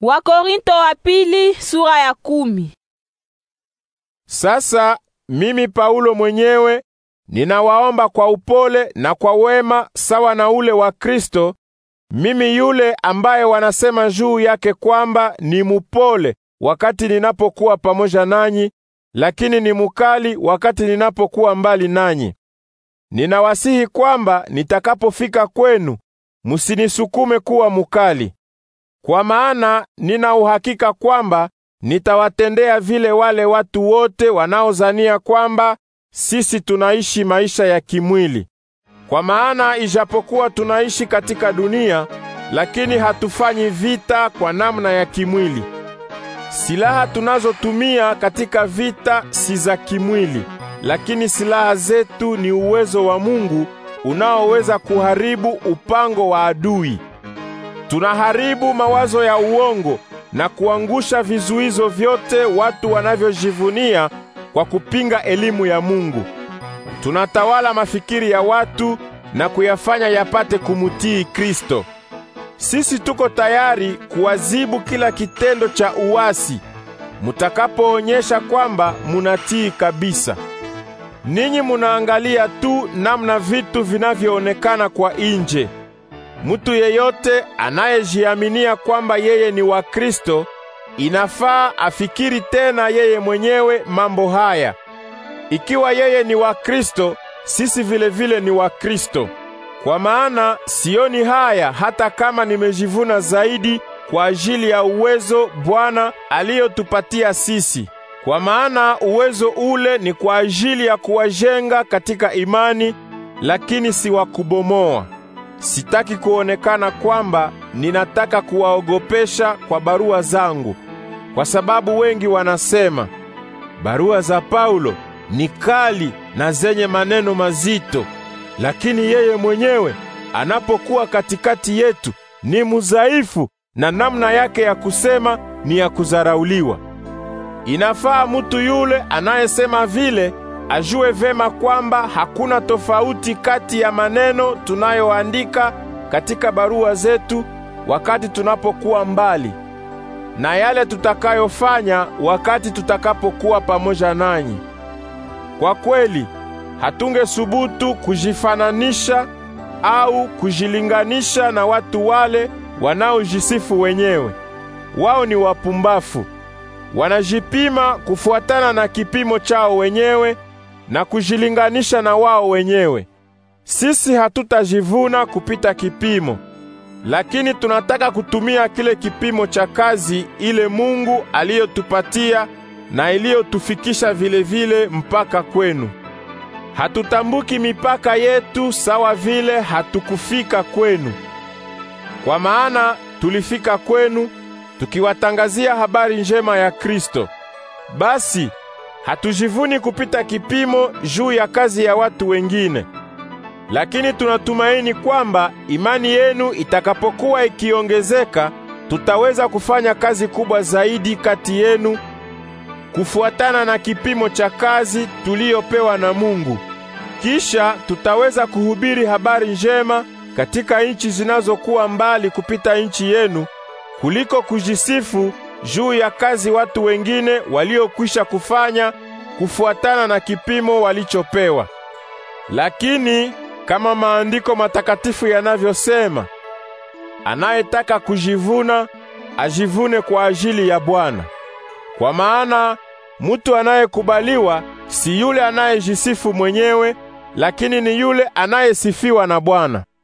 Wakorinto wa pili sura ya kumi. Sasa mimi Paulo mwenyewe ninawaomba kwa upole na kwa wema sawa na ule wa Kristo, mimi yule ambaye wanasema juu yake kwamba ni mupole wakati ninapokuwa pamoja nanyi, lakini ni mukali wakati ninapokuwa mbali nanyi. Ninawasihi kwamba nitakapofika kwenu musinisukume kuwa mukali kwa maana nina uhakika kwamba nitawatendea vile wale watu wote wanaozania kwamba sisi tunaishi maisha ya kimwili. Kwa maana ijapokuwa tunaishi katika dunia, lakini hatufanyi vita kwa namna ya kimwili. Silaha tunazotumia katika vita si za kimwili, lakini silaha zetu ni uwezo wa Mungu unaoweza kuharibu upango wa adui. Tunaharibu mawazo ya uongo na kuangusha vizuizo vyote watu wanavyojivunia kwa kupinga elimu ya Mungu. Tunatawala mafikiri ya watu na kuyafanya yapate kumutii Kristo. Sisi tuko tayari kuwazibu kila kitendo cha uasi mutakapoonyesha kwamba munatii kabisa. Ninyi munaangalia tu namna vitu vinavyoonekana kwa nje. Mtu yeyote anayejiaminia kwamba yeye ni wa Kristo inafaa afikiri tena yeye mwenyewe mambo haya. Ikiwa yeye ni wa Kristo, sisi vile vile ni wa Kristo. Kwa maana sioni haya hata kama nimejivuna zaidi kwa ajili ya uwezo Bwana aliyotupatia sisi. Kwa maana uwezo ule ni kwa ajili ya kuwajenga katika imani, lakini si wa kubomoa. Sitaki kuonekana kwamba ninataka kuwaogopesha kwa barua zangu, kwa sababu wengi wanasema barua za Paulo ni kali na zenye maneno mazito, lakini yeye mwenyewe anapokuwa katikati yetu ni mzaifu na namna yake ya kusema ni ya kuzarauliwa Inafaa mtu yule anayesema vile ajue vema kwamba hakuna tofauti kati ya maneno tunayoandika katika barua zetu wakati tunapokuwa mbali na yale tutakayofanya wakati tutakapokuwa pamoja nanyi. Kwa kweli, hatunge subutu kujifananisha au kujilinganisha na watu wale wanaojisifu wenyewe. Wao ni wapumbafu, wanajipima kufuatana na kipimo chao wenyewe na kujilinganisha na wao wenyewe. Sisi hatutajivuna kupita kipimo, lakini tunataka kutumia kile kipimo cha kazi ile Mungu aliyotupatia na iliyotufikisha vilevile mpaka kwenu. Hatutambuki mipaka yetu sawa vile hatukufika kwenu. Kwa maana tulifika kwenu tukiwatangazia habari njema ya Kristo. Basi Hatujivuni kupita kipimo juu ya kazi ya watu wengine, lakini tunatumaini kwamba imani yenu itakapokuwa ikiongezeka, tutaweza kufanya kazi kubwa zaidi kati yenu kufuatana na kipimo cha kazi tuliyopewa na Mungu. Kisha tutaweza kuhubiri habari njema katika nchi zinazokuwa mbali kupita nchi yenu kuliko kujisifu juu ya kazi watu wengine waliokwisha kufanya kufuatana na kipimo walichopewa. Lakini kama maandiko matakatifu yanavyosema, anayetaka kujivuna ajivune kwa ajili ya Bwana. Kwa maana mutu anayekubaliwa si yule anayejisifu mwenyewe, lakini ni yule anayesifiwa na Bwana.